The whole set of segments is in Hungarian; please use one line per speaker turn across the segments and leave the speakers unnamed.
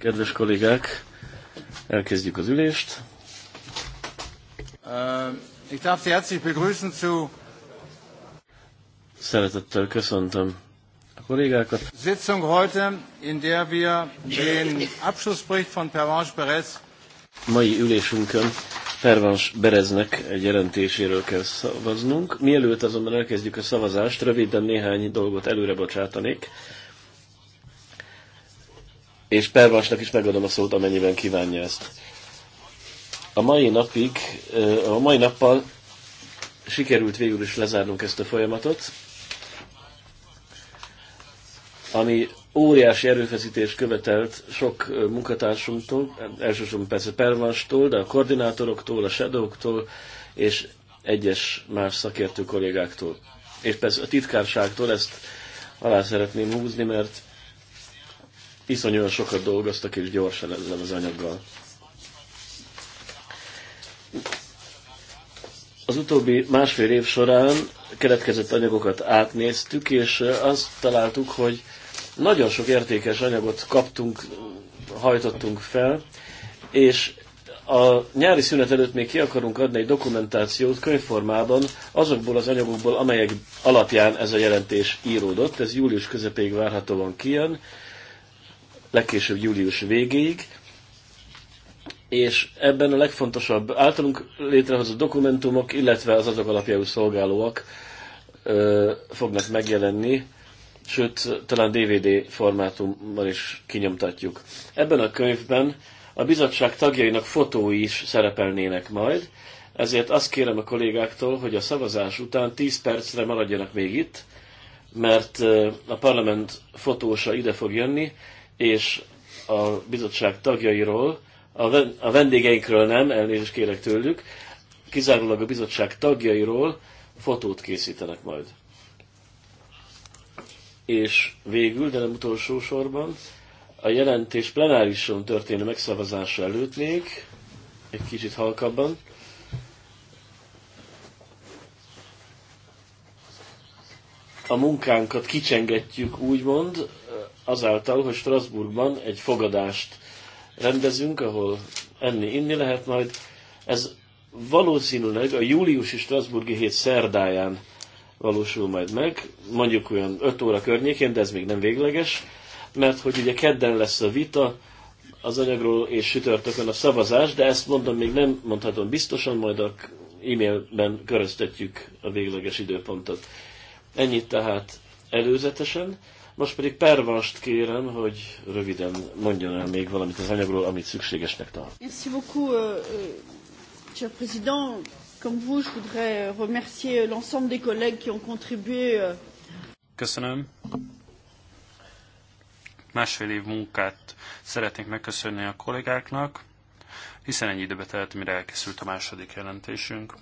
Kedves kollégák, elkezdjük az ülést.
Äh, ich darf Sie herzlich begrüßen zu
Szeretettel köszöntöm
a kollégákat. Sitzung heute, in der wir den Abschlussbericht von Pervanche Perez
Mai ülésünkön Pervans Bereznek egy jelentéséről kell szavaznunk. Mielőtt azonban elkezdjük a szavazást, röviden néhány dolgot előre bocsátanék és Pervasnak is megadom a szót, amennyiben kívánja ezt. A mai napig, a mai nappal sikerült végül is lezárnunk ezt a folyamatot, ami óriási erőfeszítés követelt sok munkatársunktól, elsősorban persze Pervastól, de a koordinátoroktól, a shadowktól és egyes más szakértő kollégáktól. És persze a titkárságtól ezt alá szeretném húzni, mert iszonyúan sokat dolgoztak, és gyorsan ezzel az anyaggal. Az utóbbi másfél év során keletkezett anyagokat átnéztük, és azt találtuk, hogy nagyon sok értékes anyagot kaptunk, hajtottunk fel, és a nyári szünet előtt még ki akarunk adni egy dokumentációt könyvformában azokból az anyagokból, amelyek alapján ez a jelentés íródott. Ez július közepéig várhatóan kijön, legkésőbb július végéig, és ebben a legfontosabb általunk létrehozott dokumentumok, illetve az azok alapjául szolgálóak ö, fognak megjelenni, sőt, talán DVD formátumban is kinyomtatjuk. Ebben a könyvben a bizottság tagjainak fotói is szerepelnének majd, ezért azt kérem a kollégáktól, hogy a szavazás után 10 percre maradjanak még itt, mert a parlament fotósa ide fog jönni, és a bizottság tagjairól, a vendégeinkről nem, elnézést kérek tőlük, kizárólag a bizottság tagjairól fotót készítenek majd. És végül, de nem utolsó sorban, a jelentés plenárison történő megszavazása előtt még, egy kicsit halkabban, a munkánkat kicsengetjük, úgymond, azáltal, hogy Strasbourgban egy fogadást rendezünk, ahol enni-inni lehet majd. Ez valószínűleg a júliusi Strasburgi hét szerdáján valósul majd meg, mondjuk olyan 5 óra környékén, de ez még nem végleges, mert hogy ugye kedden lesz a vita az anyagról és sütörtökön a szavazás, de ezt mondom, még nem mondhatom biztosan, majd a e-mailben köröztetjük a végleges időpontot. Ennyit tehát előzetesen. Most pedig Pervast kérem, hogy röviden mondjon el még valamit az anyagról, amit szükségesnek tart.
Merci beaucoup, monsieur euh, président. Comme vous, je voudrais euh, remercier euh, l'ensemble des collègues qui ont contribué.
Köszönöm. Másfél év munkát szeretnék megköszönni a kollégáknak, hiszen ennyi időbe telt, mire elkészült a második jelentésünk.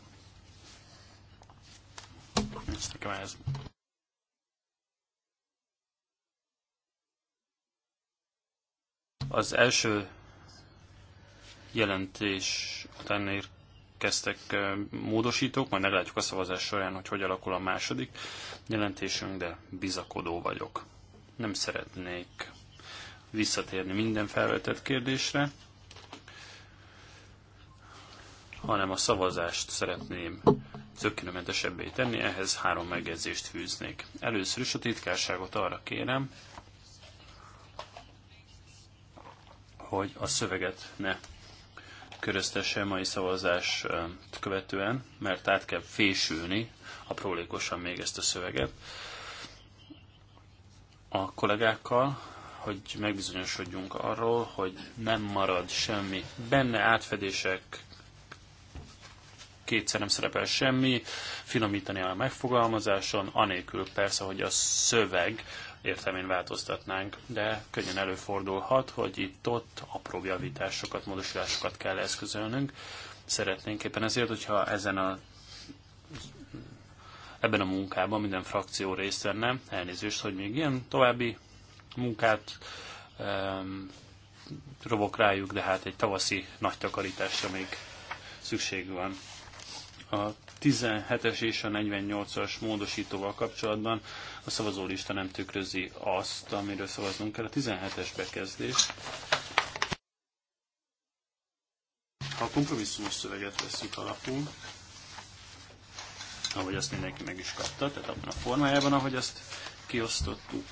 Mr. Kamez. Az első jelentés után érkeztek módosítók, majd meglátjuk a szavazás során, hogy hogy alakul a második jelentésünk, de bizakodó vagyok. Nem szeretnék visszatérni minden felvetett kérdésre, hanem a szavazást szeretném zökkenőmentesebbé tenni, ehhez három megjegyzést fűznék. Először is a titkárságot arra kérem, hogy a szöveget ne köröztesse mai szavazás követően, mert át kell fésülni aprólékosan még ezt a szöveget a kollégákkal, hogy megbizonyosodjunk arról, hogy nem marad semmi. Benne átfedések, kétszer nem szerepel semmi, finomítani a megfogalmazáson, anélkül persze, hogy a szöveg értelmén változtatnánk, de könnyen előfordulhat, hogy itt-ott apró javításokat, módosításokat kell eszközölnünk. Szeretnénk éppen ezért, hogyha ezen a ebben a munkában minden frakció részt venne, elnézést, hogy még ilyen további munkát um, robok rájuk, de hát egy tavaszi nagy takarításra még szükség van. A 17-es és a 48-as módosítóval kapcsolatban a szavazólista nem tükrözi azt, amiről szavaznunk kell. A 17-es bekezdés. Ha a kompromisszumos szöveget veszük alapul, ahogy azt mindenki meg is kapta, tehát abban a formájában, ahogy azt kiosztottuk,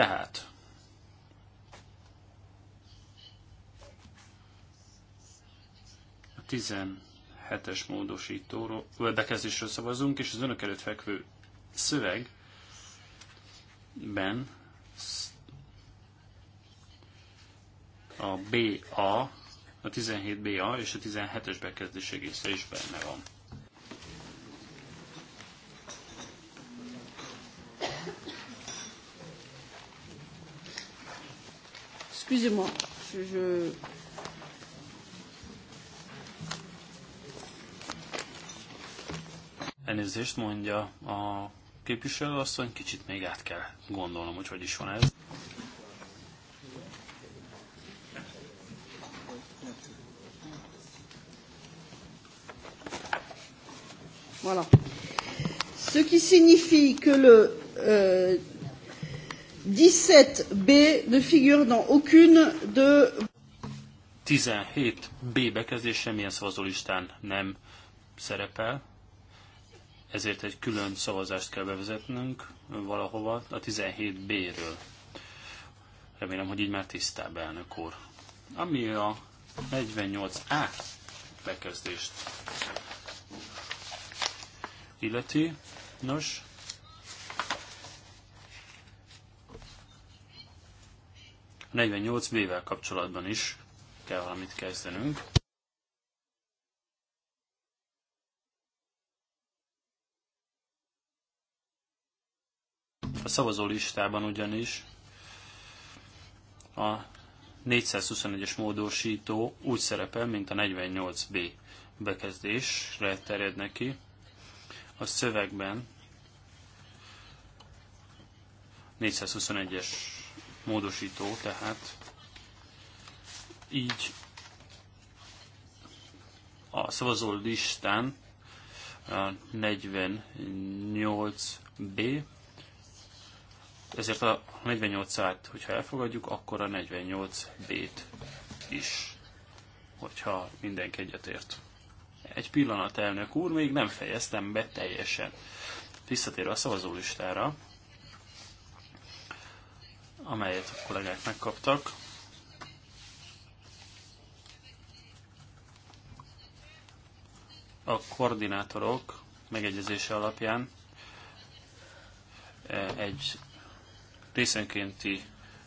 Tehát a 17-es módosítóról, bekezdésről szavazunk, és az önök előtt fekvő szövegben a BA, a 17BA és a 17-es bekezdés egészen is benne van.
Excusez-moi, je.
Elnézést mondja a asszony, kicsit még át kell gondolnom, hogy hogy is van ez.
Voilà. Ce qui signifie que le euh, 17B ne figure dans aucune de...
17B bekezdés semmilyen szavazólistán nem szerepel, ezért egy külön szavazást kell bevezetnünk valahova a 17B-ről. Remélem, hogy így már tisztább, elnök úr. Ami a 48A bekezdést illeti, nos, a 48B-vel kapcsolatban is kell valamit kezdenünk. A szavazó listában ugyanis a 421-es módosító úgy szerepel, mint a 48B bekezdésre terjed neki. A szövegben 421-es módosító, tehát így a szavazó listán 48B, ezért a 48-át, hogyha elfogadjuk, akkor a 48B-t is, hogyha mindenki egyetért. Egy pillanat, elnök úr, még nem fejeztem be teljesen. Visszatérve a szavazólistára, amelyet a kollégák megkaptak. A koordinátorok megegyezése alapján eh, egy részenkénti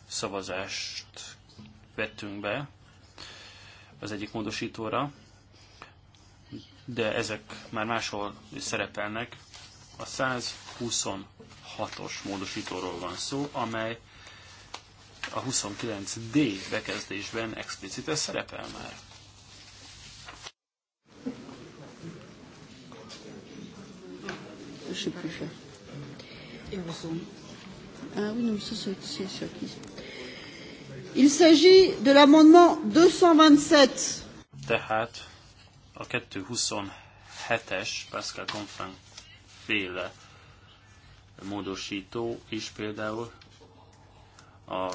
szavazást vettünk be az egyik módosítóra, de ezek már máshol is szerepelnek. A 126-os módosítóról van szó, amely a 29D bekezdésben explicite szerepel már.
Ah Il s'agit de l'amendement 227.
Tehát a 227-es Pascal Confran féle módosító is például a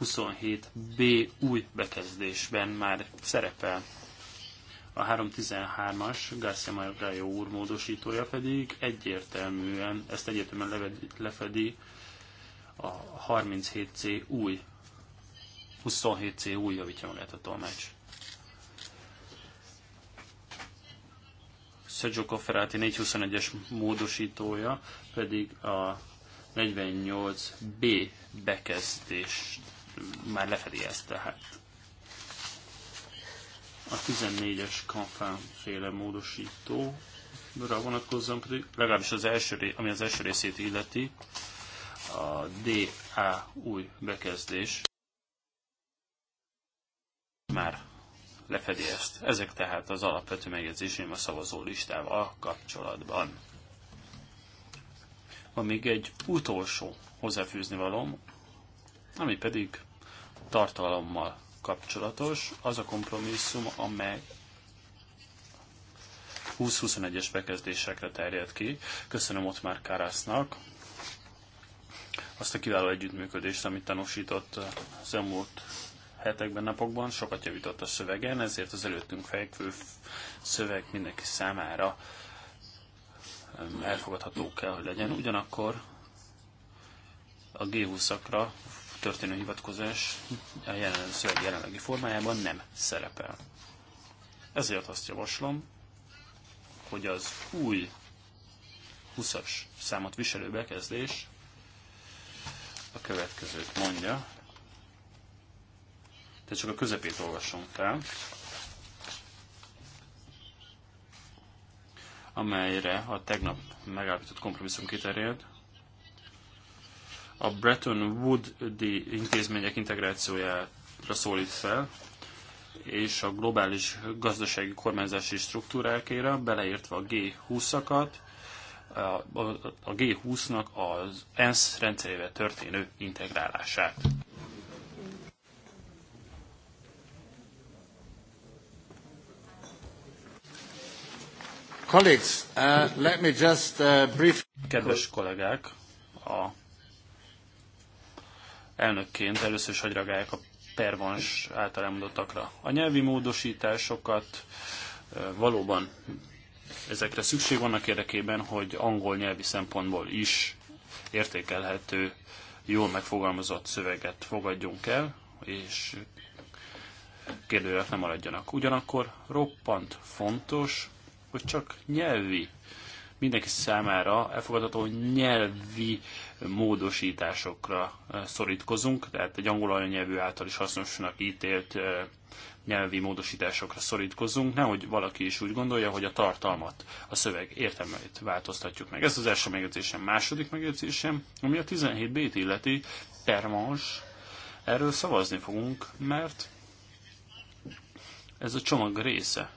27B új bekezdésben már szerepel. A 313-as Garcia Margallo úr módosítója pedig egyértelműen, ezt egyértelműen lefedi a 37C új, 27C új javítja magát a tolmács. Sergio Cofferati 421-es módosítója pedig a 48B bekezdést már lefedi ezt tehát. A 14-es kanfán féle rá vonatkozzon, pedig legalábbis az első, ami az első részét illeti, a DA új bekezdés már lefedi ezt. Ezek tehát az alapvető megjegyzéseim a szavazó listával kapcsolatban. Van még egy utolsó hozzáfűzni valom, ami pedig tartalommal kapcsolatos. Az a kompromisszum, amely 20-21-es bekezdésekre terjed ki. Köszönöm ott már Kárásznak azt a kiváló együttműködést, amit tanúsított az elmúlt hetekben, napokban. Sokat javított a szövegen, ezért az előttünk fekvő szöveg mindenki számára elfogadható kell, hogy legyen. Ugyanakkor a G20-akra történő hivatkozás a jelen, szöveg jelenlegi formájában nem szerepel. Ezért azt javaslom, hogy az új 20-as számot viselő bekezdés a következőt mondja. Tehát csak a közepét olvasom fel. amelyre a tegnap megállapított kompromisszum kiterjed. A Bretton woods intézmények integrációjára szólít fel, és a globális gazdasági kormányzási struktúrákére, beleértve a G20-akat, a G20-nak az ENSZ rendszerével történő integrálását. Colleagues, uh, let me just uh, brief... Kedves kollégák, a elnökként először is hagyragáljak a pervans által elmondottakra. A nyelvi módosításokat uh, valóban ezekre szükség vannak érdekében, hogy angol nyelvi szempontból is értékelhető, jól megfogalmazott szöveget fogadjunk el, és kérdőjelek nem maradjanak. Ugyanakkor roppant fontos, hogy csak nyelvi, mindenki számára elfogadható nyelvi módosításokra szorítkozunk, tehát egy angol anyanyelvű által is hasznosnak ítélt nyelvi módosításokra szorítkozunk, nehogy valaki is úgy gondolja, hogy a tartalmat, a szöveg értelmeit változtatjuk meg. Ez az első megjegyzésem. Második megjegyzésem, ami a 17b-t illeti, permans, erről szavazni fogunk, mert ez a csomag része.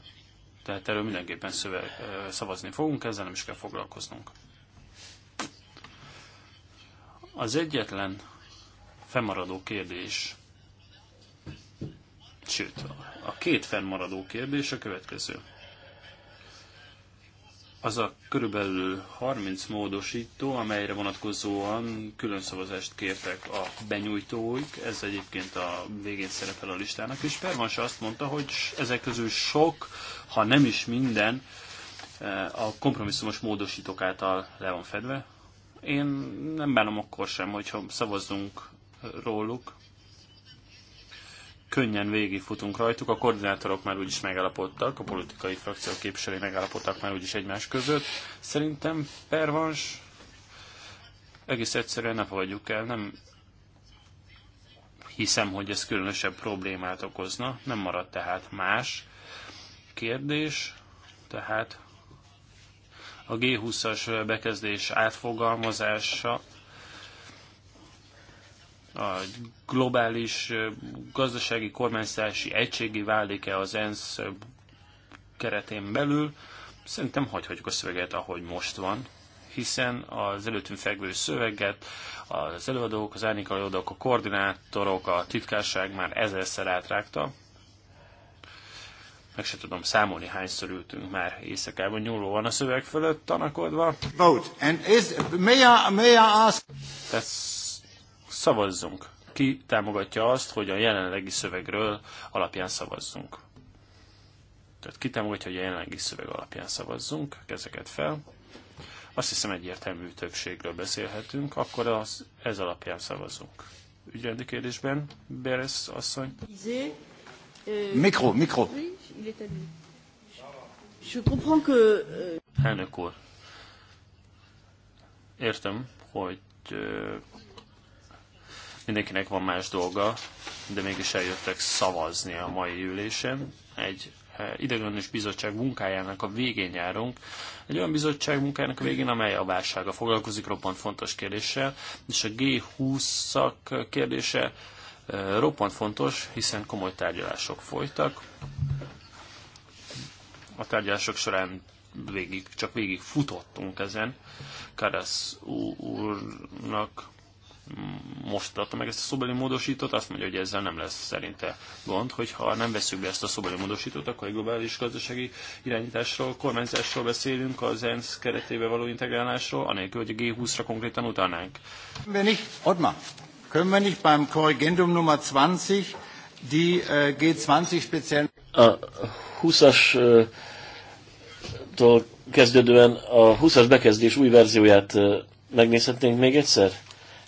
Tehát erről mindenképpen szöveg, szavazni fogunk, ezzel nem is kell foglalkoznunk. Az egyetlen fennmaradó kérdés, sőt, a két fennmaradó kérdés a következő az a körülbelül 30 módosító, amelyre vonatkozóan külön szavazást kértek a benyújtóik, ez egyébként a végén szerepel a listának, és Pervans azt mondta, hogy ezek közül sok, ha nem is minden, eh, a kompromisszumos módosítók által le van fedve. Én nem bánom akkor sem, hogyha szavazzunk róluk, könnyen végigfutunk rajtuk, a koordinátorok már úgyis megállapodtak, a politikai frakciók képviselői megállapodtak már úgyis egymás között. Szerintem pervans egész egyszerűen ne fogadjuk el, nem hiszem, hogy ez különösebb problémát okozna, nem marad tehát más kérdés, tehát a G20-as bekezdés átfogalmazása a globális gazdasági kormányzási egységi válik-e az ENSZ keretén belül, szerintem hagyhatjuk a szöveget, ahogy most van, hiszen az előttünk fekvő szöveget az előadók, az előadók, a koordinátorok, a titkárság már ezerszer átrágta. Meg se tudom számolni, hányszor ültünk már éjszakában nyúlóan a szöveg fölött tanakodva. Vote. And is, may I, may I ask... That's Szavazzunk. Ki támogatja azt, hogy a jelenlegi szövegről alapján szavazzunk? Tehát ki támogatja, hogy a jelenlegi szöveg alapján szavazzunk? Kezeket fel. Azt hiszem egyértelmű többségről beszélhetünk, akkor az, ez alapján szavazunk. Ügyrendi kérdésben, Beres asszony.
Euh, mikro, mikro. Euh,
Elnök úr, értem, hogy euh, Mindenkinek van más dolga, de mégis eljöttek szavazni a mai ülésen. Egy eh, ideiglenes bizottság munkájának a végén járunk. Egy olyan bizottság munkájának a végén, amely a válsága foglalkozik roppant fontos kérdéssel, és a G20-szak kérdése eh, roppant fontos, hiszen komoly tárgyalások folytak. A tárgyalások során végig, csak végig futottunk ezen. Karasz úrnak most adta meg ezt a szobeli módosítót, azt mondja, hogy ezzel nem lesz szerinte gond, hogy ha nem veszük be ezt a szobeli módosítót, akkor egy globális gazdasági irányításról, kormányzásról beszélünk, az ENSZ keretébe való integrálásról, anélkül, hogy a G20-ra konkrétan utalnánk.
Wenn ich, Ottmar, können wir nicht beim Korrigendum Nummer 20 die äh, G20 speciális.
A 20-as kezdődően a 20-as bekezdés új verzióját äh, megnézhetnénk még egyszer?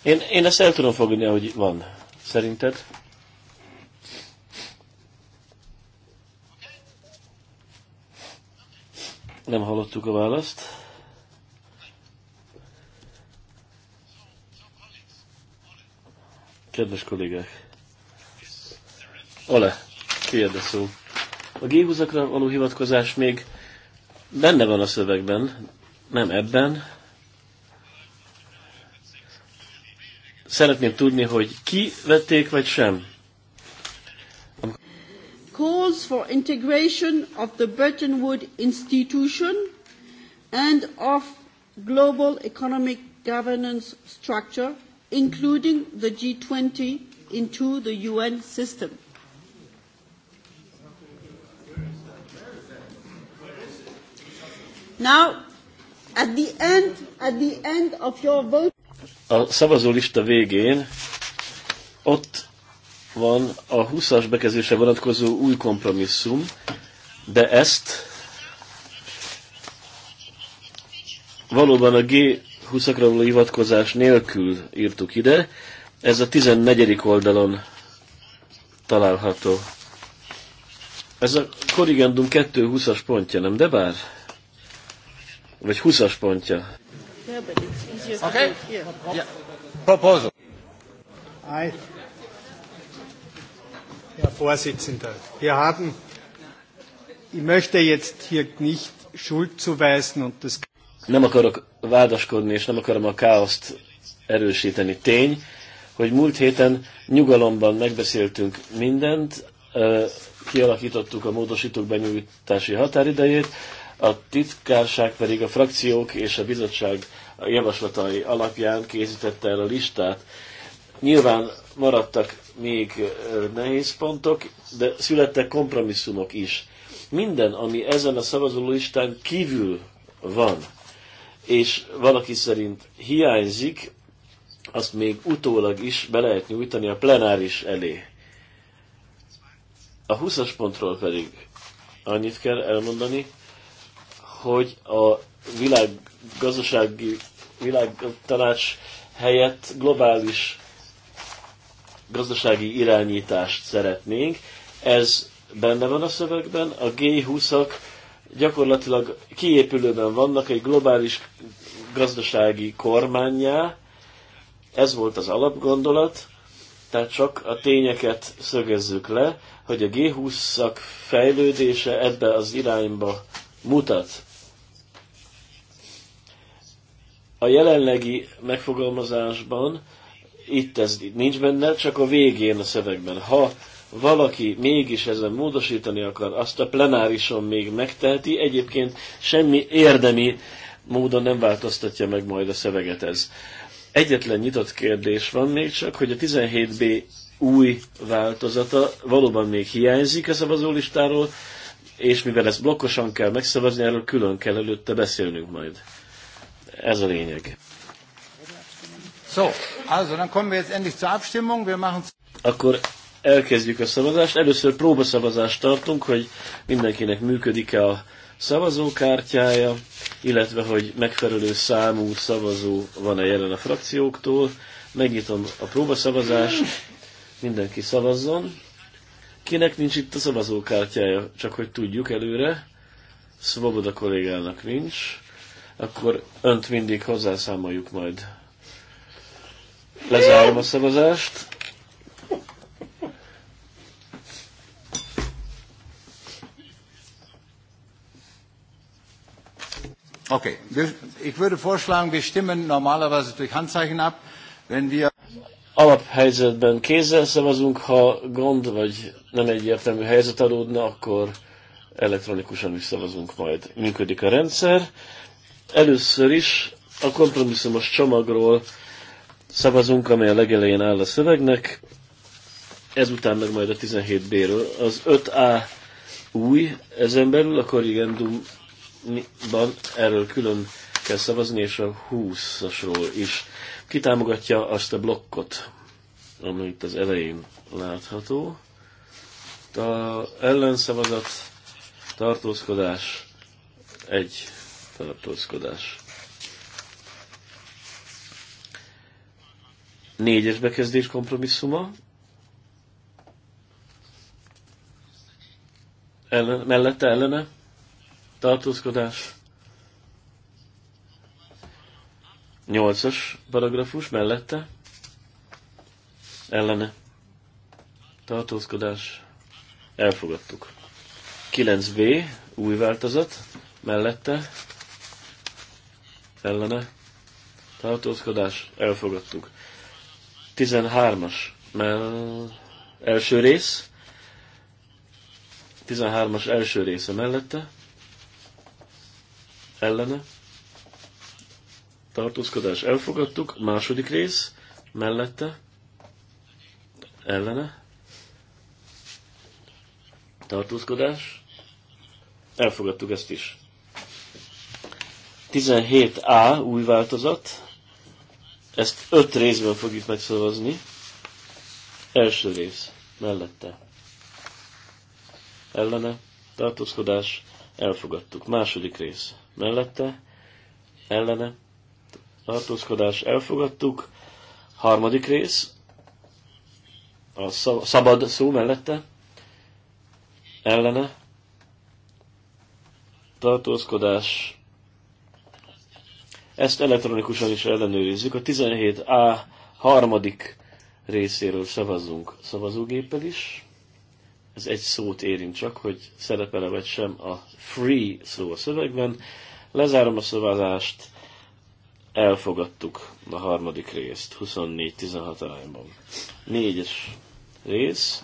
Én, én ezt el tudom fogadni, hogy van. Szerinted? Nem hallottuk a választ. Kedves kollégák! Ole, tiéd a szó. A g való hivatkozás még benne van a szövegben, nem ebben, Szeretném tudni, hogy ki vették, vagy sem.
Calls for integration of the Bretton Woods institution and of global economic governance structure, including the G20 into the UN system. Now, at the end, at the end of your vote,
a szavazólista végén ott van a 20-as bekezése vonatkozó új kompromisszum, de ezt valóban a G20-akra való hivatkozás nélkül írtuk ide. Ez a 14. oldalon található. Ez a korrigendum 2.20-as pontja, nem de bár? Vagy 20-as pontja?
No, but it's easier to okay. do it here. Yeah.
Proposal.
I. Herr Vorsitzender, wir haben, ich möchte jetzt hier nicht Schuld zuweisen und das.
Nem akarok vádaskodni, és nem akarom a káoszt erősíteni. Tény, hogy múlt héten nyugalomban megbeszéltünk mindent, kialakítottuk a módosítók benyújtási határidejét, a titkárság pedig a frakciók és a bizottság javaslatai alapján készítette el a listát. Nyilván maradtak még nehéz pontok, de születtek kompromisszumok is. Minden, ami ezen a szavazó listán kívül van, és valaki szerint hiányzik, azt még utólag is be lehet nyújtani a plenáris elé. A 20-as pontról pedig annyit kell elmondani, hogy a világ gazdasági világtanács helyett globális gazdasági irányítást szeretnénk. Ez benne van a szövegben, a G20-ak gyakorlatilag kiépülőben vannak egy globális gazdasági kormányjá, ez volt az alapgondolat, tehát csak a tényeket szögezzük le, hogy a g 20 ak fejlődése ebbe az irányba mutat. A jelenlegi megfogalmazásban itt ez nincs benne, csak a végén a szövegben. Ha valaki mégis ezen módosítani akar, azt a plenárison még megteheti, egyébként semmi érdemi módon nem változtatja meg majd a szöveget ez. Egyetlen nyitott kérdés van még csak, hogy a 17b új változata valóban még hiányzik a szavazólistáról, és mivel ezt blokkosan kell megszavazni, erről külön kell előtte beszélnünk majd. Ez a lényeg. So, also, dann kommen wir jetzt endlich
zur Abstimmung. Wir machen...
Akkor elkezdjük a szavazást. Először próbaszavazást tartunk, hogy mindenkinek működik-e a szavazókártyája, illetve hogy megfelelő számú szavazó van-e jelen a frakcióktól. Megnyitom a próbaszavazást, mindenki szavazzon. Kinek nincs itt a szavazókártyája, csak hogy tudjuk előre. Svoboda kollégának nincs akkor önt mindig hozzászámoljuk majd. Lezárom a szavazást.
Okay. Ich würde vorschlagen, wir stimmen normalerweise durch Handzeichen ab.
Wenn wir Alaphelyzetben kézzel szavazunk, ha gond vagy nem egyértelmű helyzet adódna, akkor elektronikusan is szavazunk majd. Működik a rendszer. Először is a kompromisszumos csomagról szavazunk, amely a legelején áll a szövegnek, ezután meg majd a 17B-ről. Az 5A új, ezen belül a korrigendumban erről külön kell szavazni, és a 20-asról is. Ki támogatja azt a blokkot, ami itt az elején látható. A ellenszavazat, tartózkodás, egy tartózkodás. Négyes bekezdés kompromisszuma. Ellen, mellette ellene tartózkodás. Nyolcas paragrafus mellette ellene tartózkodás. Elfogadtuk. 9b új változat mellette ellene tartózkodás elfogadtuk. 13-as mell... első rész, 13-as első része mellette ellene tartózkodás elfogadtuk, második rész mellette ellene tartózkodás. Elfogadtuk ezt is. 17A új változat, ezt öt részben fogjuk megszavazni. Első rész, mellette. Ellene, tartózkodás, elfogadtuk. Második rész, mellette, ellene, tartózkodás, elfogadtuk. Harmadik rész, a szabad szó mellette, ellene, tartózkodás, ezt elektronikusan is ellenőrizzük. A 17A harmadik részéről szavazzunk szavazógéppel is. Ez egy szót érint csak, hogy szerepele vagy sem a free szó a szövegben. Lezárom a szavazást, elfogadtuk a harmadik részt, 24-16 arányban. Négyes rész,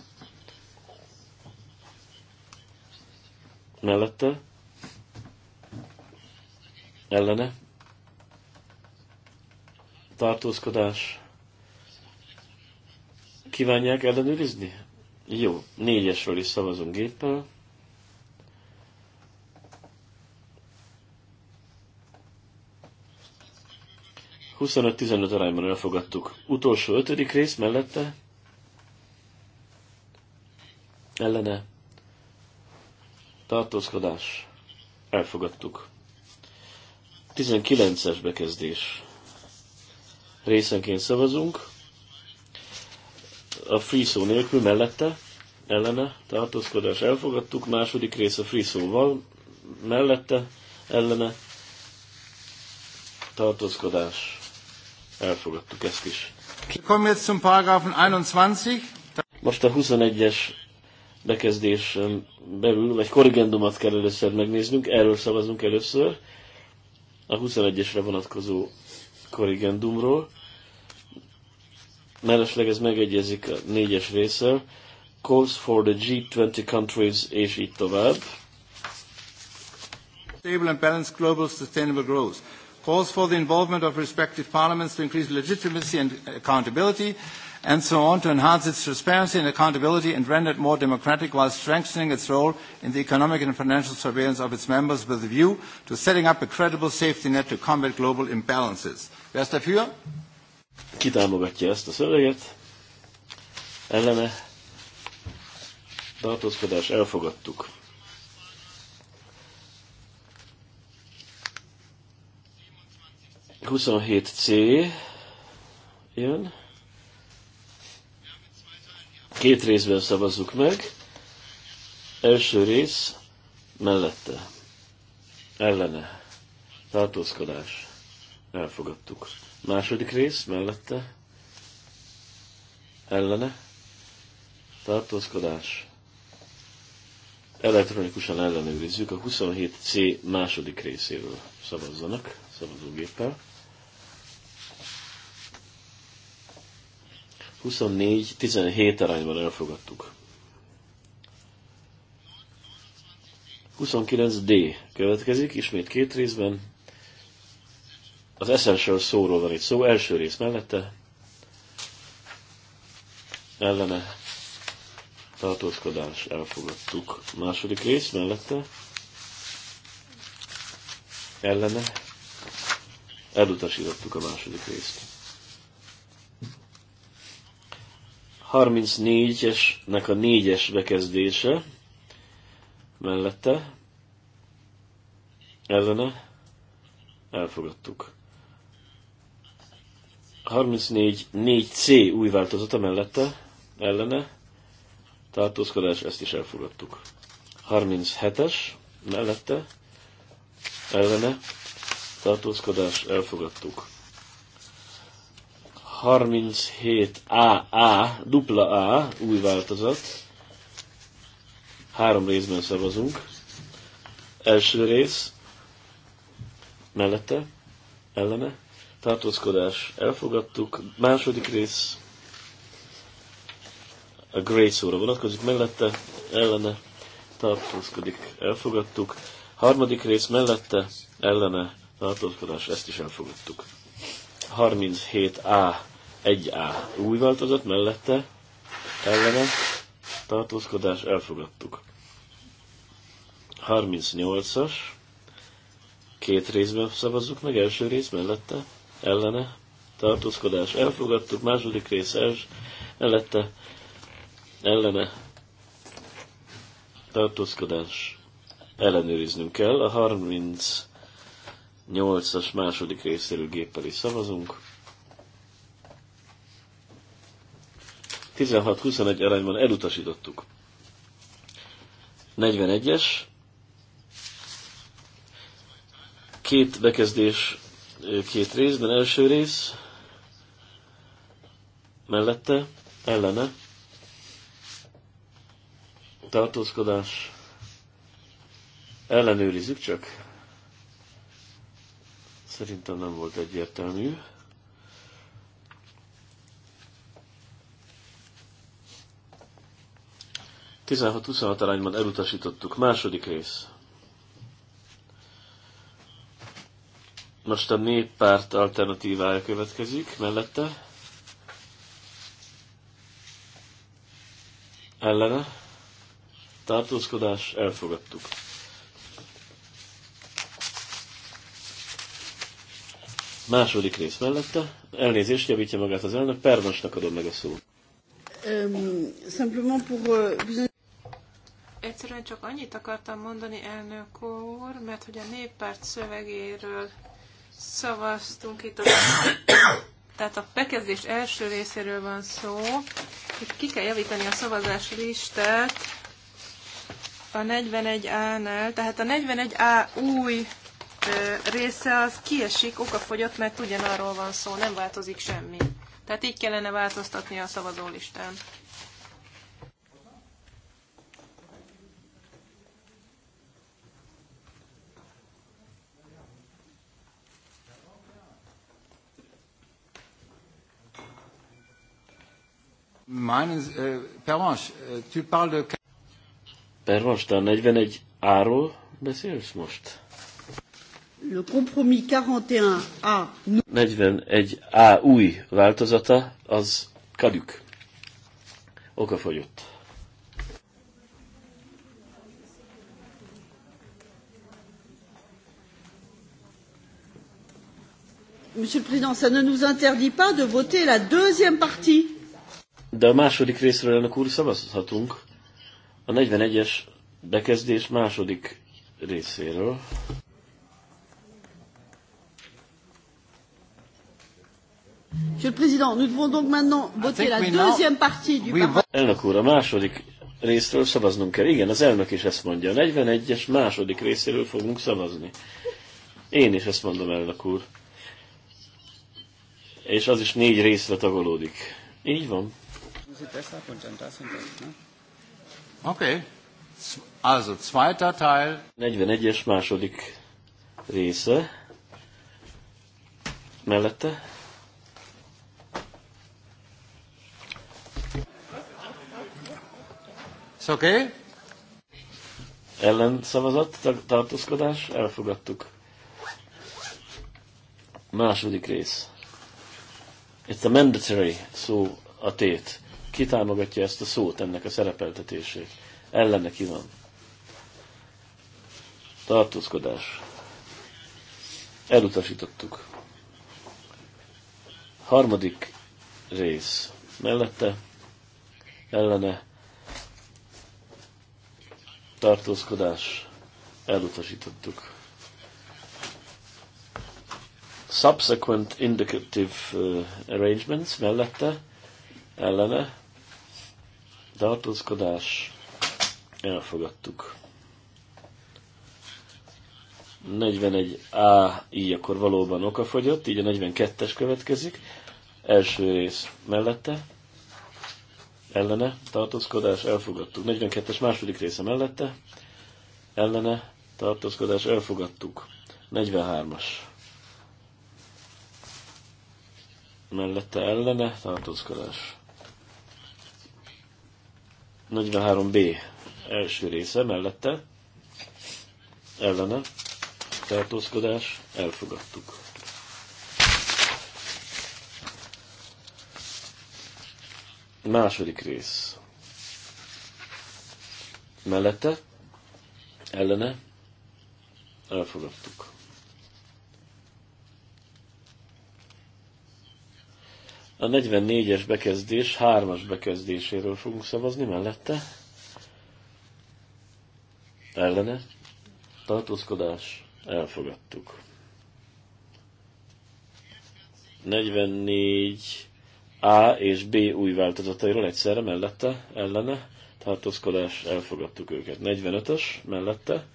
mellette, ellene, tartózkodás. Kívánják ellenőrizni? Jó, négyesről is szavazunk géppel. Huszonöt 15 arányban elfogadtuk. Utolsó ötödik rész mellette. Ellene. Tartózkodás. Elfogadtuk. 19-es bekezdés részenként szavazunk. A free szó nélkül mellette, ellene, tartózkodás elfogadtuk. Második rész a free szóval, mellette, ellene, tartózkodás elfogadtuk ezt is. Most a 21-es bekezdés belül, vagy korrigendumot kell először megnéznünk, erről szavazunk először. A 21-esre vonatkozó korrigendumról. Mellesleg ez megegyezik a négyes része. Calls for the G20 countries, és így tovább.
Stable and balanced global sustainable growth. Calls for the involvement of respective parliaments to increase legitimacy and accountability and so on to enhance its transparency and accountability and render it more democratic while strengthening its role in the economic and financial surveillance of its members with a view to setting up a credible safety net to combat
global imbalances. Wer ist dafür? Ki ezt a szöveget? Ellene tartózkodás elfogadtuk. Huszonhét C jön. Két részben szavazzuk meg. Első rész mellette. Ellene. Tartózkodás elfogadtuk. Második rész mellette ellene tartózkodás. Elektronikusan ellenőrizzük a 27C második részéről szavazzanak szavazógéppel. 24-17 arányban elfogadtuk. 29D következik, ismét két részben, az essential szóról van itt szó, első rész mellette, ellene tartózkodás elfogadtuk. Második rész mellette, ellene elutasítottuk a második részt. 34-esnek a 4-es bekezdése mellette ellene elfogadtuk. 4 c új változata mellette, ellene, tartózkodás, ezt is elfogadtuk. 37-es mellette, ellene, tartózkodás, elfogadtuk. 37AA, dupla A, új változat. Három részben szavazunk. Első rész, mellette, ellene, tartózkodás elfogadtuk. Második rész a Grey szóra vonatkozik, mellette ellene tartózkodik, elfogadtuk. Harmadik rész mellette ellene tartózkodás, ezt is elfogadtuk. 37A, 1A új változat mellette ellene tartózkodás, elfogadtuk. 38-as, két részben szavazzuk meg, első rész mellette ellene tartózkodás elfogadtuk, második rész els, mellette ellene tartózkodás ellenőriznünk kell. A 38-as második részéről géppel is szavazunk. 16-21 arányban elutasítottuk. 41-es. Két bekezdés két részben. Első rész mellette, ellene, tartózkodás, ellenőrizzük csak. Szerintem nem volt egyértelmű. Tizenhat-26 arányban elutasítottuk. Második rész. Most a néppárt alternatívája következik, mellette. Ellene. Tartózkodás, elfogadtuk. Második rész mellette. Elnézést, javítja magát az elnök. Pervasnak adom meg a szót.
Euh,
Egyszerűen csak annyit akartam mondani, elnök úr, mert hogy a néppárt szövegéről Szavaztunk itt a... Tehát a bekezdés első részéről van szó. Itt ki kell javítani a szavazás listát a 41A-nál. Tehát a 41A új része az kiesik, okafogyott, mert ugyanarról van szó, nem változik semmi. Tehát így kellene változtatni a szavazólistán.
Meinen, äh, uh, uh, tu parles de...
Pervanche, te a 41 áról beszélsz most?
Le compromis 41A.
41A új változata az kadük. fogyott.
Monsieur le Président, ça ne nous interdit pas de voter la deuxième partie.
De a második részről, elnök úr, szavazhatunk a 41-es bekezdés második részéről.
Monsieur le Président, nous devons donc maintenant voter la deuxième partie du
Elnök úr, a második részről szavaznunk kell. Igen, az elnök is ezt mondja. A 41-es második részéről fogunk szavazni. Én is ezt mondom, elnök úr. És az is négy részre tagolódik. Így van.
Sie deshalb und dann das und das. Ne?
Okay. Also, zweiter Teil. 41-es második része. Mellette. It's okay? Ellenszavazat, tartózkodás, elfogadtuk. Második rész. It's a mandatory szó a tét kitámogatja ezt a szót, ennek a szerepeltetését. Ellene ki van. Tartózkodás. Elutasítottuk. Harmadik rész. Mellette, ellene, tartózkodás. Elutasítottuk. Subsequent indicative uh, arrangements mellette, ellene, tartózkodás, elfogadtuk. 41A így akkor valóban okafogyott, így a 42-es következik. Első rész mellette, ellene, tartózkodás, elfogadtuk. 42-es második része mellette, ellene, tartózkodás, elfogadtuk. 43-as. Mellette ellene, tartózkodás. 43b első része mellette ellene tartózkodás elfogadtuk. Második rész mellette ellene elfogadtuk. A 44-es bekezdés 3-as bekezdéséről fogunk szavazni mellette. Ellene. Tartózkodás. Elfogadtuk. 44 A és B új változatairól egyszerre mellette, ellene, tartózkodás, elfogadtuk őket. 45-ös mellette,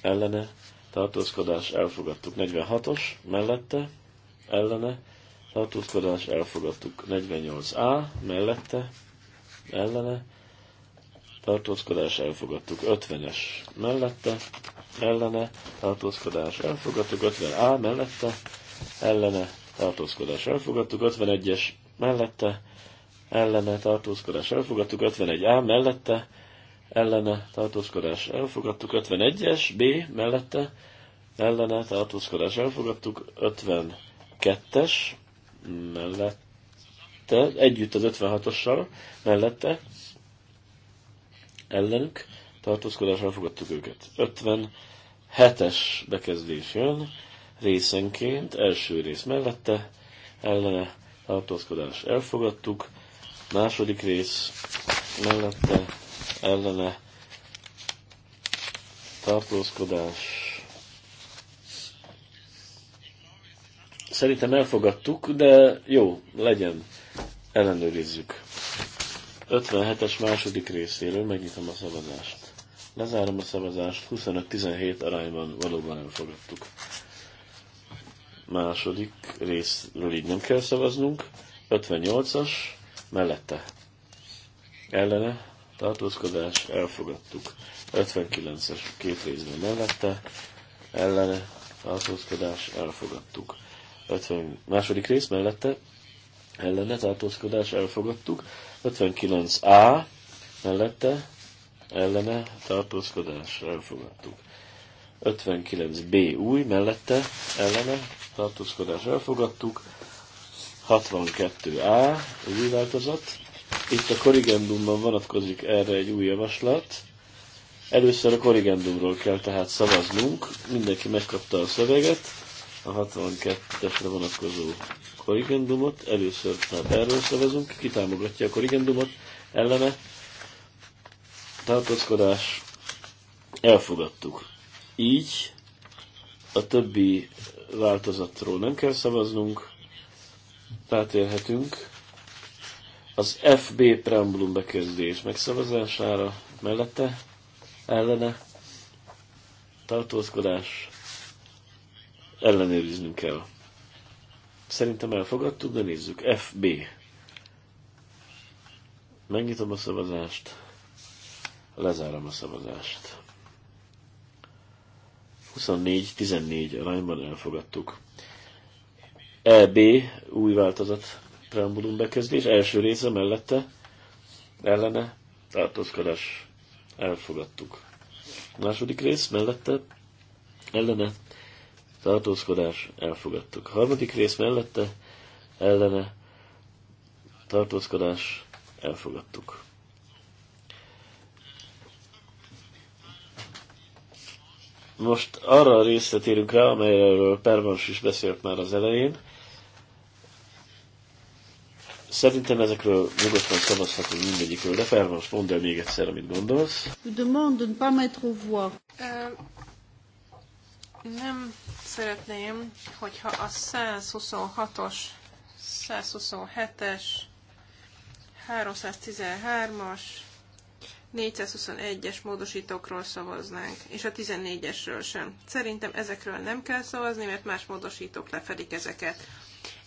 ellene, tartózkodás, elfogadtuk. 46-os mellette, ellene, tartózkodás, elfogadtuk 48A, mellette, ellene, tartózkodás, elfogadtuk 50-es, mellette, ellene, tartózkodás, elfogadtuk 50A, mellette, ellene, tartózkodás, elfogadtuk 51-es, mellette, ellene, tartózkodás, elfogadtuk 51A, mellette, ellene, tartózkodás, elfogadtuk 51-es, B, mellette, ellene, tartózkodás, elfogadtuk 52-es, mellette, együtt az 56-ossal mellette, ellenük, tartózkodásra fogadtuk őket. 57-es bekezdés jön, részenként, első rész mellette, ellene, tartózkodás elfogadtuk, második rész mellette, ellene, tartózkodás Szerintem elfogadtuk, de jó, legyen. Ellenőrizzük. 57-es második részéről megnyitom a szavazást. Lezárom a szavazást, 25-17 arányban valóban elfogadtuk. Második részről így nem kell szavaznunk. 58-as, mellette. Ellene, tartózkodás, elfogadtuk. 59-es, két részben mellette. Ellene, tartózkodás, elfogadtuk. 50 második rész mellette ellene tartózkodás elfogadtuk, 59A mellette ellene tartózkodás elfogadtuk. 59B új mellette ellene tartózkodás elfogadtuk. 62A új változat. Itt a korrigendumban vonatkozik erre egy új javaslat. Először a korrigendumról kell tehát szavaznunk. Mindenki megkapta a szöveget a 62-esre vonatkozó korrigendumot. Először tehát erről szavazunk, ki támogatja a korrigendumot, ellene tartózkodás elfogadtuk. Így a többi változatról nem kell szavaznunk, rátérhetünk az FB preambulum bekezdés megszavazására mellette ellene tartózkodás ellenőriznünk kell. Szerintem elfogadtuk, de nézzük. FB. Megnyitom a szavazást, lezárom a szavazást. 24-14 arányban elfogadtuk. EB, új változat, preambulum bekezdés, első része mellette, ellene, tartózkodás, elfogadtuk. Második rész mellette, ellene, tartózkodás, elfogadtuk. Harmadik rész mellette, ellene, tartózkodás, elfogadtuk. Most arra a részre térünk rá, amelyről Pervans is beszélt már az elején. Szerintem ezekről nyugodtan szavazhatunk mindegyikről, de Pervans, mondd el még egyszer, amit gondolsz.
Nem szeretném, hogyha a 126-os, 127-es, 313-as, 421-es módosítókról szavaznánk, és a 14-esről sem. Szerintem ezekről nem kell szavazni, mert más módosítók lefedik ezeket.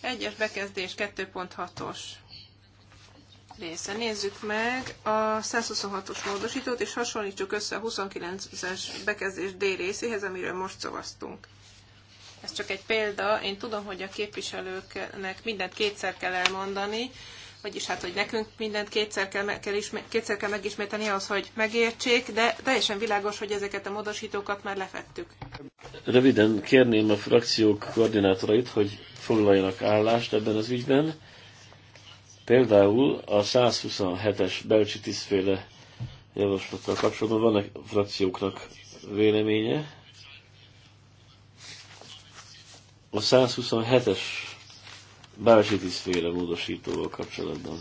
Egyes bekezdés 2.6-os része. Nézzük meg a 126-os módosítót, és hasonlítsuk össze a 29-es bekezdés D részéhez, amiről most szavaztunk. Ez csak egy példa. Én tudom, hogy a képviselőknek mindent kétszer kell elmondani, vagyis hát, hogy nekünk mindent kétszer kell, meg, kell isme, kétszer kell megismételni ahhoz, hogy megértsék, de teljesen világos, hogy ezeket a módosítókat már lefettük.
Röviden kérném a frakciók koordinátorait, hogy foglaljanak állást ebben az ügyben Például a 127-es belcsi tisztféle javaslattal kapcsolatban van a frakcióknak véleménye. A 127-es belcsi tisztféle módosítóval kapcsolatban.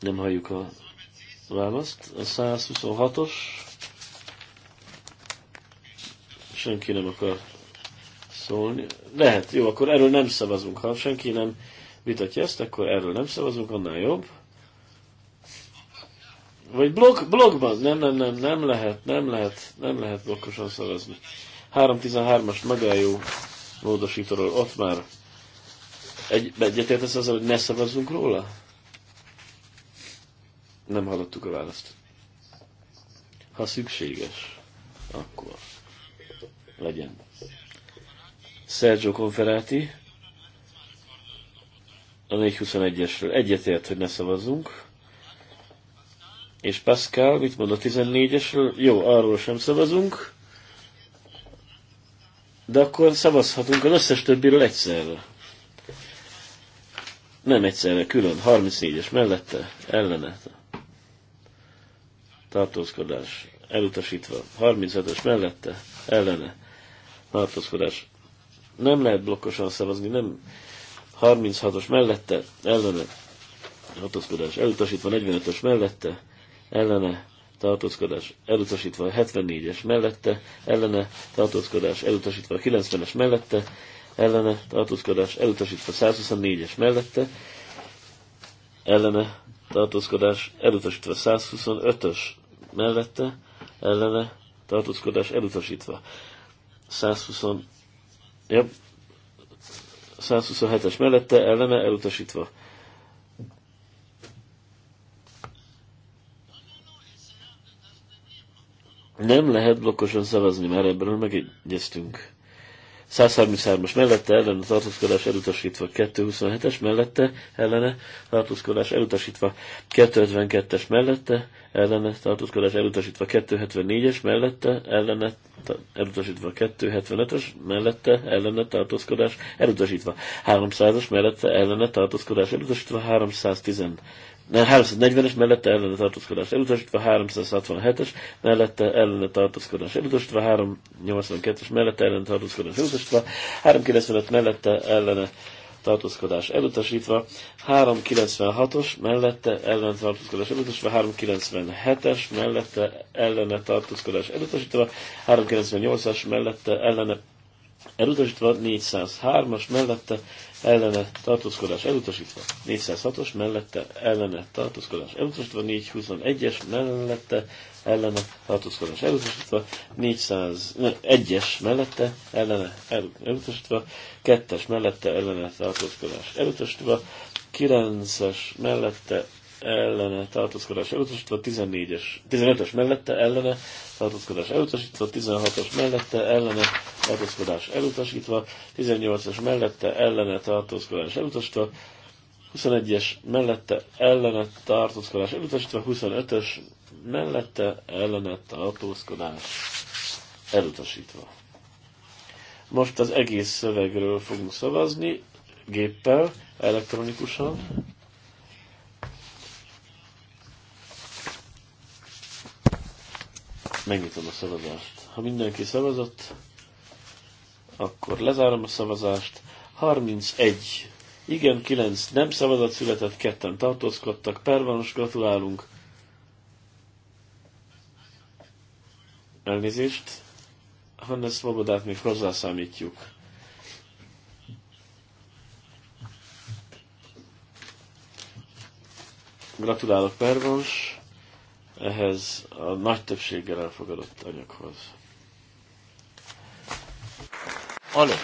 Nem halljuk a választ. A 126-os senki nem akar szólni. Lehet, jó, akkor erről nem szavazunk. Ha senki nem vitatja ezt, akkor erről nem szavazunk, annál jobb. Vagy blog, blogban? Nem, nem, nem, nem lehet, nem lehet, nem lehet blokkosan szavazni. 3.13-as jó módosítóról ott már egy, egyetértesz azzal, hogy ne szavazzunk róla? Nem hallottuk a választ. Ha szükséges, akkor legyen. Sergio Conferati a 421-esről egyetért, hogy ne szavazzunk. És Pascal, mit mond a 14-esről? Jó, arról sem szavazunk. De akkor szavazhatunk az összes többiről egyszerre. Nem egyszerre, külön. 34-es mellette, ellene. Tartózkodás. Elutasítva. 35-ös mellette, ellene. Tartózkodás nem lehet blokkosan szavazni, nem 36-os mellette, ellene, tartózkodás elutasítva, 45-ös mellette, ellene, tartózkodás elutasítva, 74-es mellette, ellene, tartózkodás elutasítva, 90-es mellette, ellene, tartózkodás elutasítva, 124-es mellette, ellene, tartózkodás elutasítva, 125-ös mellette, ellene, tartózkodás elutasítva. 126 Jobb. 127-es mellette, eleme elutasítva. Nem lehet blokkosan szavazni, már ebben megegyeztünk. 133-as mellette ellene tartózkodás elutasítva, 227-es mellette ellene tartózkodás elutasítva, 252-es mellette ellene tartózkodás elutasítva 274-es, mellette ellene elutasítva 275-ös, mellette ellene tartózkodás elutasítva 300-as, mellette ellene tartózkodás elutasítva 310 340-es mellette ellene tartózkodás elutasítva, 367-es mellette ellene tartózkodás elutasítva, 382-es mellette ellene tartózkodás elutasítva, 395 mellette ellene tartózkodás elutasítva, 396-os mellette ellen tartózkodás elutasítva, 397-es mellette ellene tartózkodás elutasítva, 398-as mellette ellene elutasítva, 403-as mellette ellene tartózkodás elutasítva, 406-os mellette ellene tartózkodás elutasítva, 421-es mellette ellene tartózkodás elutasítva, 401-es mellette ellene elutasítva, 2-es mellette ellene tartózkodás elutasítva, 9-es mellette ellene tartózkodás elutasítva, 14-es, 15-ös mellette ellene tartózkodás elutasítva, 16-os mellette ellene tartózkodás elutasítva, 18 es mellette ellene tartózkodás elutasítva, 21-es mellette ellene tartózkodás elutasítva, 25-ös mellette ellene tartózkodás elutasítva. Most az egész szövegről fogunk szavazni, géppel, elektronikusan. Megnyitom a szavazást. Ha mindenki szavazott, akkor lezárom a szavazást. 31. Igen, 9 nem szavazat született, ketten tartózkodtak. Pervanos, gratulálunk. Elnézést. Hannes Svobodát még hozzászámítjuk. Gratulálok, Pervons ehhez a nagy többséggel elfogadott anyaghoz. Ale.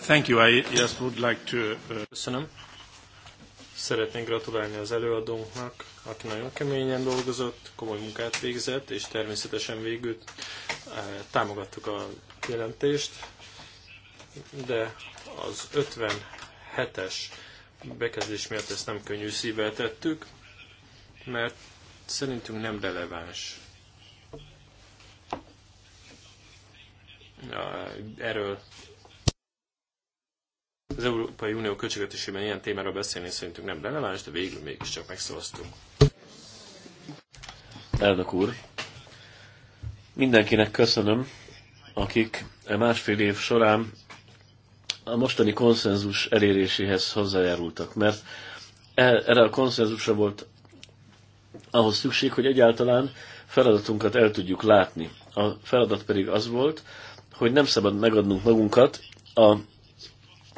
Thank you. I just would like to... Uh, Köszönöm. Szeretnénk gratulálni az előadónknak, aki nagyon keményen dolgozott, komoly munkát végzett, és természetesen végül uh, támogattuk a jelentést, de az 57-es bekezdés miatt ezt nem könnyű szívvel tettük, mert szerintünk nem releváns. Erről az Európai Unió költségvetésében ilyen témáról beszélni szerintünk nem releváns, de végül mégiscsak megszavaztunk.
Elnök úr, mindenkinek köszönöm, akik e másfél év során a mostani konszenzus eléréséhez hozzájárultak, mert e, erre a konszenzusra volt ahhoz szükség, hogy egyáltalán feladatunkat el tudjuk látni. A feladat pedig az volt, hogy nem szabad megadnunk magunkat a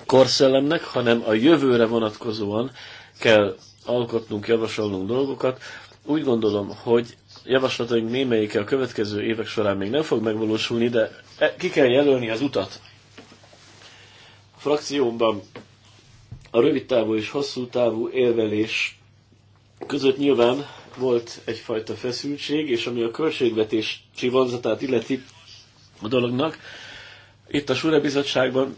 korszellemnek, hanem a jövőre vonatkozóan kell alkotnunk, javasolnunk dolgokat. Úgy gondolom, hogy javaslataink némelyike a következő évek során még nem fog megvalósulni, de e, ki kell jelölni az utat a frakciómban a rövid távú és hosszú távú érvelés között nyilván volt egyfajta feszültség, és ami a költségvetés csivonzatát illeti a dolognak, itt a Sure Bizottságban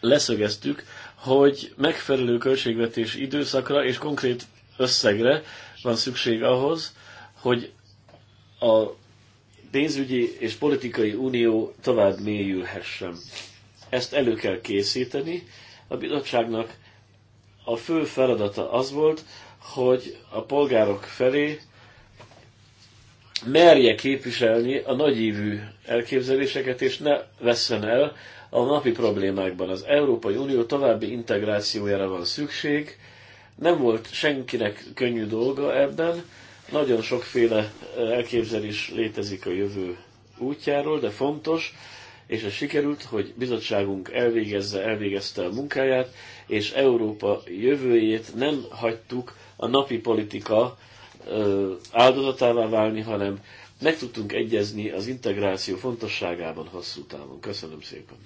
leszögeztük, hogy megfelelő költségvetés időszakra és konkrét összegre van szükség ahhoz, hogy a pénzügyi és politikai unió tovább mélyülhessen. Ezt elő kell készíteni. A bizottságnak a fő feladata az volt, hogy a polgárok felé merje képviselni a nagyívű elképzeléseket, és ne vesszen el a napi problémákban. Az Európai Unió további integrációjára van szükség. Nem volt senkinek könnyű dolga ebben. Nagyon sokféle elképzelés létezik a jövő útjáról, de fontos, és ez sikerült, hogy bizottságunk elvégezze, elvégezte a munkáját, és Európa jövőjét nem hagytuk a napi politika áldozatává válni, hanem meg tudtunk egyezni az integráció fontosságában hosszú távon. Köszönöm szépen!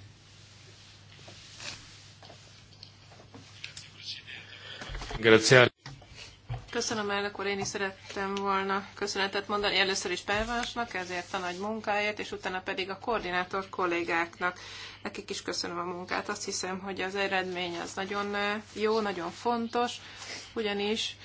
Grazie.
Köszönöm, elnök úr, én is szerettem volna köszönetet mondani először is Pervásnak, ezért a nagy munkáért, és utána pedig a koordinátor kollégáknak. Nekik is köszönöm a munkát. Azt hiszem, hogy az eredmény az nagyon jó, nagyon fontos, ugyanis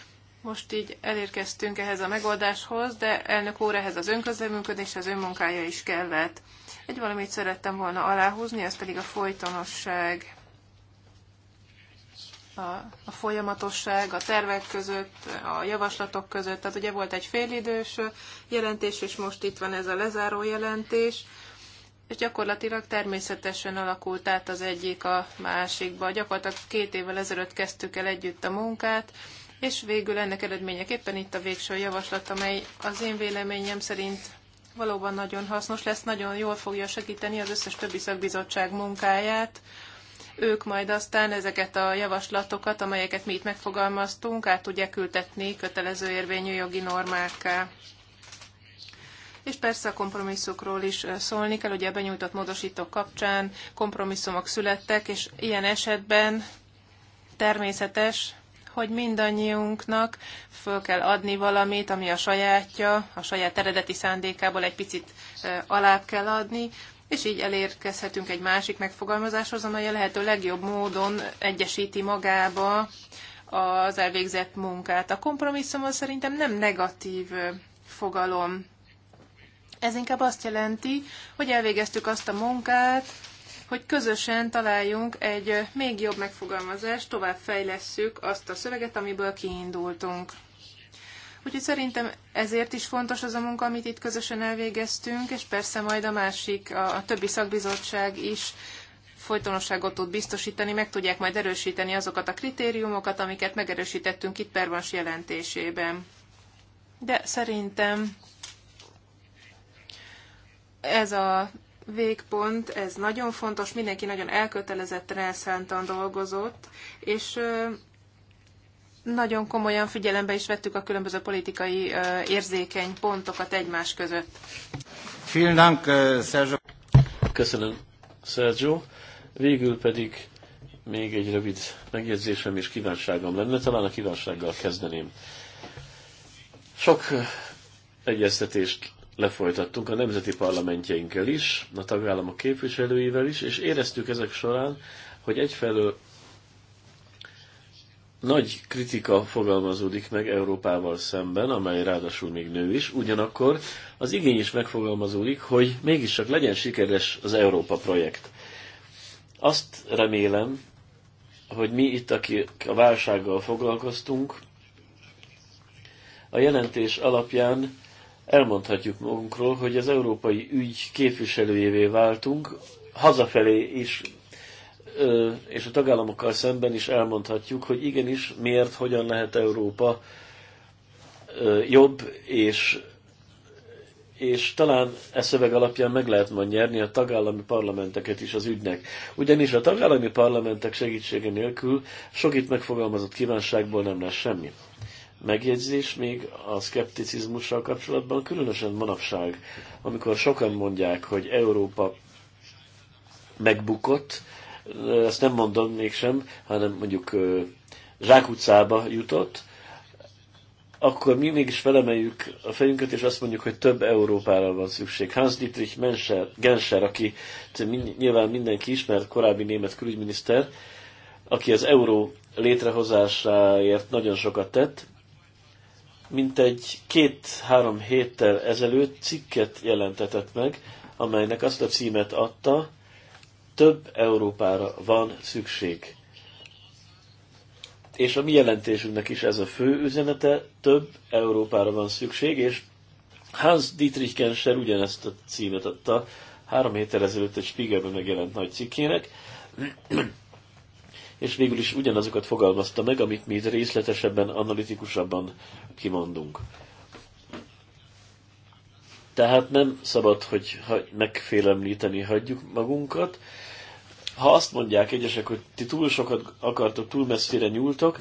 most így elérkeztünk ehhez a megoldáshoz, de elnök úr, ehhez az önközleműködés, az önmunkája is kellett. Egy valamit szerettem volna aláhúzni, ez pedig a folytonosság a, a folyamatosság a tervek között, a javaslatok között. Tehát ugye volt egy félidős jelentés, és most itt van ez a lezáró jelentés, és gyakorlatilag természetesen alakult át az egyik a másikba. Gyakorlatilag két évvel ezelőtt kezdtük el együtt a munkát, és végül ennek eredményeképpen itt a végső javaslat, amely az én véleményem szerint valóban nagyon hasznos lesz, nagyon jól fogja segíteni az összes többi szakbizottság munkáját, ők majd aztán ezeket a javaslatokat, amelyeket mi itt megfogalmaztunk, át tudják ültetni kötelező érvényű jogi normákká. És persze a kompromisszokról is szólni kell, ugye a benyújtott módosítók kapcsán kompromisszumok születtek, és ilyen esetben természetes, hogy mindannyiunknak föl kell adni valamit, ami a sajátja, a saját eredeti szándékából egy picit alább kell adni, és így elérkezhetünk egy másik megfogalmazáshoz, amely a lehető legjobb módon egyesíti magába az elvégzett munkát. A kompromisszum az szerintem nem negatív fogalom. Ez inkább azt jelenti, hogy elvégeztük azt a munkát, hogy közösen találjunk egy még jobb megfogalmazást, tovább fejlesszük azt a szöveget, amiből kiindultunk. Úgyhogy szerintem ezért is fontos az a munka, amit itt közösen elvégeztünk, és persze majd a másik, a, a többi szakbizottság is folytonosságot tud biztosítani, meg tudják majd erősíteni azokat a kritériumokat, amiket megerősítettünk itt Pervans jelentésében. De szerintem ez a végpont, ez nagyon fontos, mindenki nagyon elkötelezetten elszántan dolgozott, és nagyon komolyan figyelembe is vettük a különböző politikai érzékeny pontokat egymás között.
Köszönöm, Sergio. Végül pedig még egy rövid megjegyzésem és kívánságom lenne, talán a kívánsággal kezdeném. Sok egyeztetést lefolytattunk a nemzeti parlamentjeinkkel is, a tagállamok képviselőivel is, és éreztük ezek során, hogy egyfelől nagy kritika fogalmazódik meg Európával szemben, amely ráadásul még nő is, ugyanakkor az igény is megfogalmazódik, hogy mégiscsak legyen sikeres az Európa projekt. Azt remélem, hogy mi itt, akik a válsággal foglalkoztunk, a jelentés alapján elmondhatjuk magunkról, hogy az európai ügy képviselőjévé váltunk, hazafelé is és a tagállamokkal szemben is elmondhatjuk, hogy igenis miért, hogyan lehet Európa jobb, és, és talán e szöveg alapján meg lehet majd nyerni a tagállami parlamenteket is az ügynek. Ugyanis a tagállami parlamentek segítsége nélkül sok itt megfogalmazott kívánságból nem lesz semmi. Megjegyzés még a szkepticizmussal kapcsolatban, különösen manapság, amikor sokan mondják, hogy Európa megbukott, ezt nem mondom mégsem, hanem mondjuk zsákutcába jutott, akkor mi mégis felemeljük a fejünket, és azt mondjuk, hogy több Európára van szükség. Hans Dietrich Menscher, Genscher, aki nyilván mindenki ismer, korábbi német külügyminiszter, aki az euró létrehozásáért nagyon sokat tett, mint egy két-három héttel ezelőtt cikket jelentetett meg, amelynek azt a címet adta, több Európára van szükség. És a mi jelentésünknek is ez a fő üzenete, több Európára van szükség, és Hans Dietrich Genscher ugyanezt a címet adta három héttel ezelőtt egy Spiegelben megjelent nagy cikkének, és végül is ugyanazokat fogalmazta meg, amit mi részletesebben, analitikusabban kimondunk. Tehát nem szabad, hogy megfélemlíteni hagyjuk magunkat, ha azt mondják egyesek, hogy ti túl sokat akartok, túl messzire nyúltok,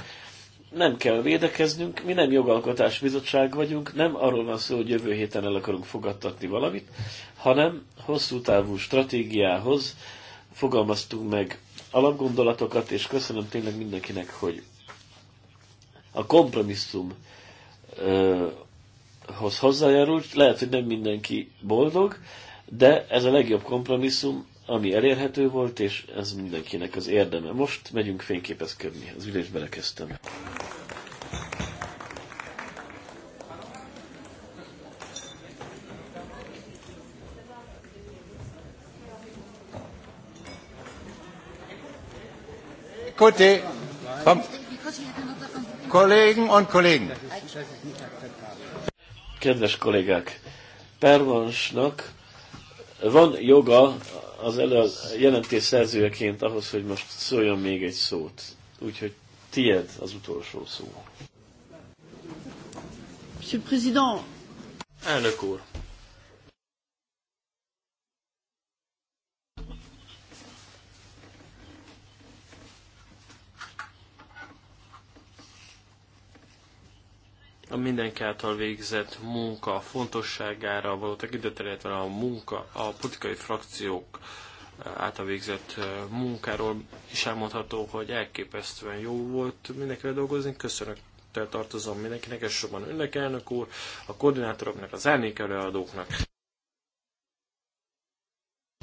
nem kell védekeznünk, mi nem jogalkotás bizottság vagyunk, nem arról van szó, hogy jövő héten el akarunk fogadtatni valamit, hanem hosszú távú stratégiához fogalmaztunk meg alapgondolatokat, és köszönöm tényleg mindenkinek, hogy a kompromisszumhoz hozzájárult. Lehet, hogy nem mindenki boldog, de ez a legjobb kompromisszum, ami elérhető volt, és ez mindenkinek az érdeme. Most megyünk fényképezkedni, az ülés belekezdtem. Côté,
Kollegen und Kollegen.
Kedves kollégák, Pervansnak van joga az elő az jelentés szerzőjeként ahhoz, hogy most szóljon még egy szót. Úgyhogy tied az utolsó szó.
Monsieur Président.
Elnök úr.
a mindenki által végzett munka fontosságára való tekintetel, illetve a munka, a politikai frakciók eh, által végzett eh, munkáról is elmondható, hogy elképesztően jó volt mindenkivel dolgozni. Köszönök tartozom mindenkinek, elsősorban önnek, elnök úr, a koordinátoroknak, az árnyékelőadóknak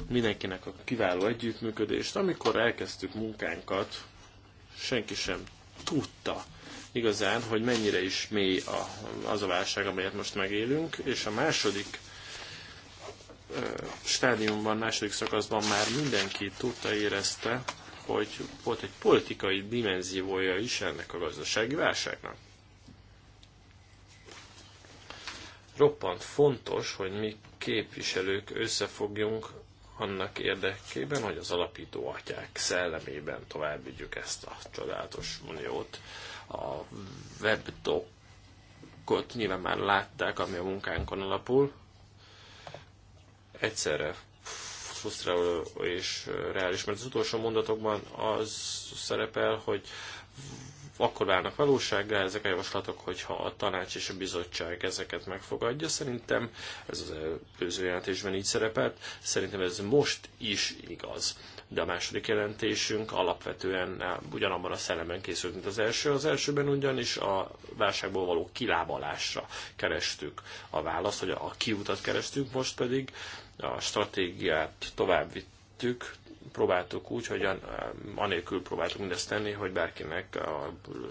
mindenkinek a kiváló együttműködést. Amikor elkezdtük munkánkat, senki sem tudta, igazán, hogy mennyire is mély a, az a válság, amelyet most megélünk, és a második stádiumban, második szakaszban már mindenki tudta, érezte, hogy volt egy politikai dimenziója is ennek a gazdasági válságnak. Roppant fontos, hogy mi képviselők összefogjunk annak érdekében, hogy az alapító atyák szellemében tovább vigyük ezt a csodálatos uniót, a webdokot nyilván már látták, ami a munkánkon alapul. Egyszerre frusztráló és reális, mert az utolsó mondatokban az szerepel, hogy akkor válnak valósággá ezek a javaslatok, hogyha a tanács és a bizottság ezeket megfogadja. Szerintem ez az előző jelentésben így szerepelt, szerintem ez most is igaz. De a második jelentésünk alapvetően ugyanabban a szellemben készült, mint az első. Az elsőben ugyanis a válságból való kilábalásra kerestük a választ, hogy a kiutat kerestük, most pedig a stratégiát tovább vittük, próbáltuk úgy, hogy eh, anélkül próbáltuk mindezt tenni, hogy bárkinek a eh,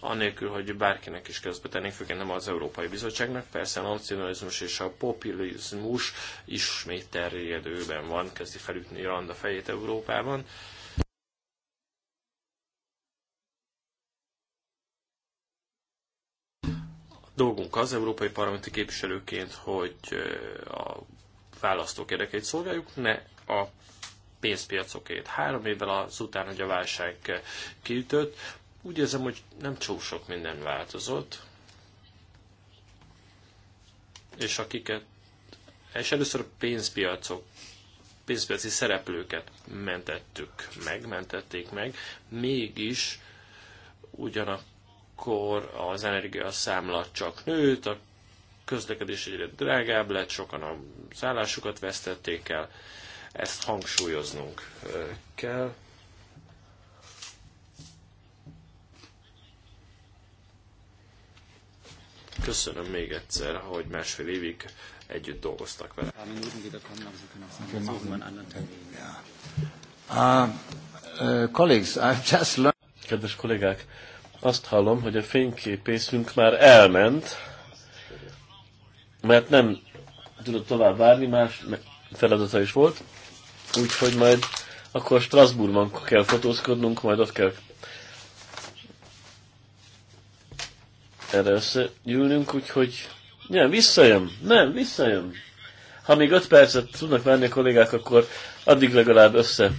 anélkül, hogy bárkinek is közbe tennénk, főként nem az Európai Bizottságnak. Persze a nacionalizmus és a populizmus ismét terjedőben van, kezdi felütni a fejét Európában. dolgunk az európai parlamenti képviselőként, hogy a választók érdekeit szolgáljuk, ne a pénzpiacokét. Három évvel azután, hogy a válság kiütött, úgy érzem, hogy nem túl sok minden változott, és akiket, és először a pénzpiacok, pénzpiaci szereplőket mentettük meg, mentették meg, mégis ugyanak akkor az energiaszámla csak nőtt, a közlekedés egyre drágább lett, sokan a szállásukat vesztették el. Ezt hangsúlyoznunk kell. Köszönöm még egyszer, hogy másfél évig együtt dolgoztak vele.
Kedves kollégák, azt hallom, hogy a fényképészünk már elment, mert nem tudott tovább várni, más feladata is volt, úgyhogy majd akkor Strasbourgban kell fotózkodnunk, majd ott kell erre összegyűlnünk, úgyhogy nem, visszajön, nem, visszajön. Ha még öt percet tudnak várni a kollégák, akkor addig legalább össze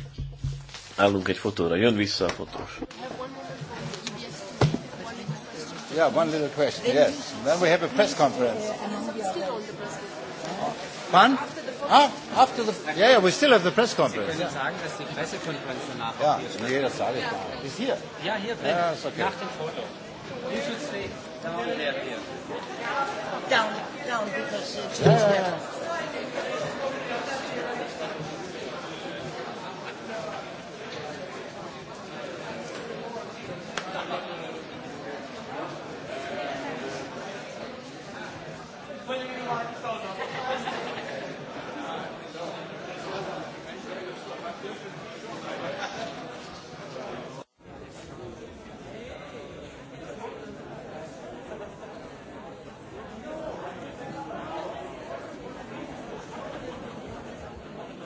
állunk egy fotóra. Jön vissza a fotós.
Yeah, one little question, yes. And then we have a press conference. Wann? Ah, after the, yeah, yeah, we still have the press conference. Sie können sagen, dass die Pressekonferenz danach ja, nee, das sage ich mal. Ist hier? Ja, hier drin. Ja, ist okay. Nach dem
Foto. You should Usually down there here. Down, down because it's yeah.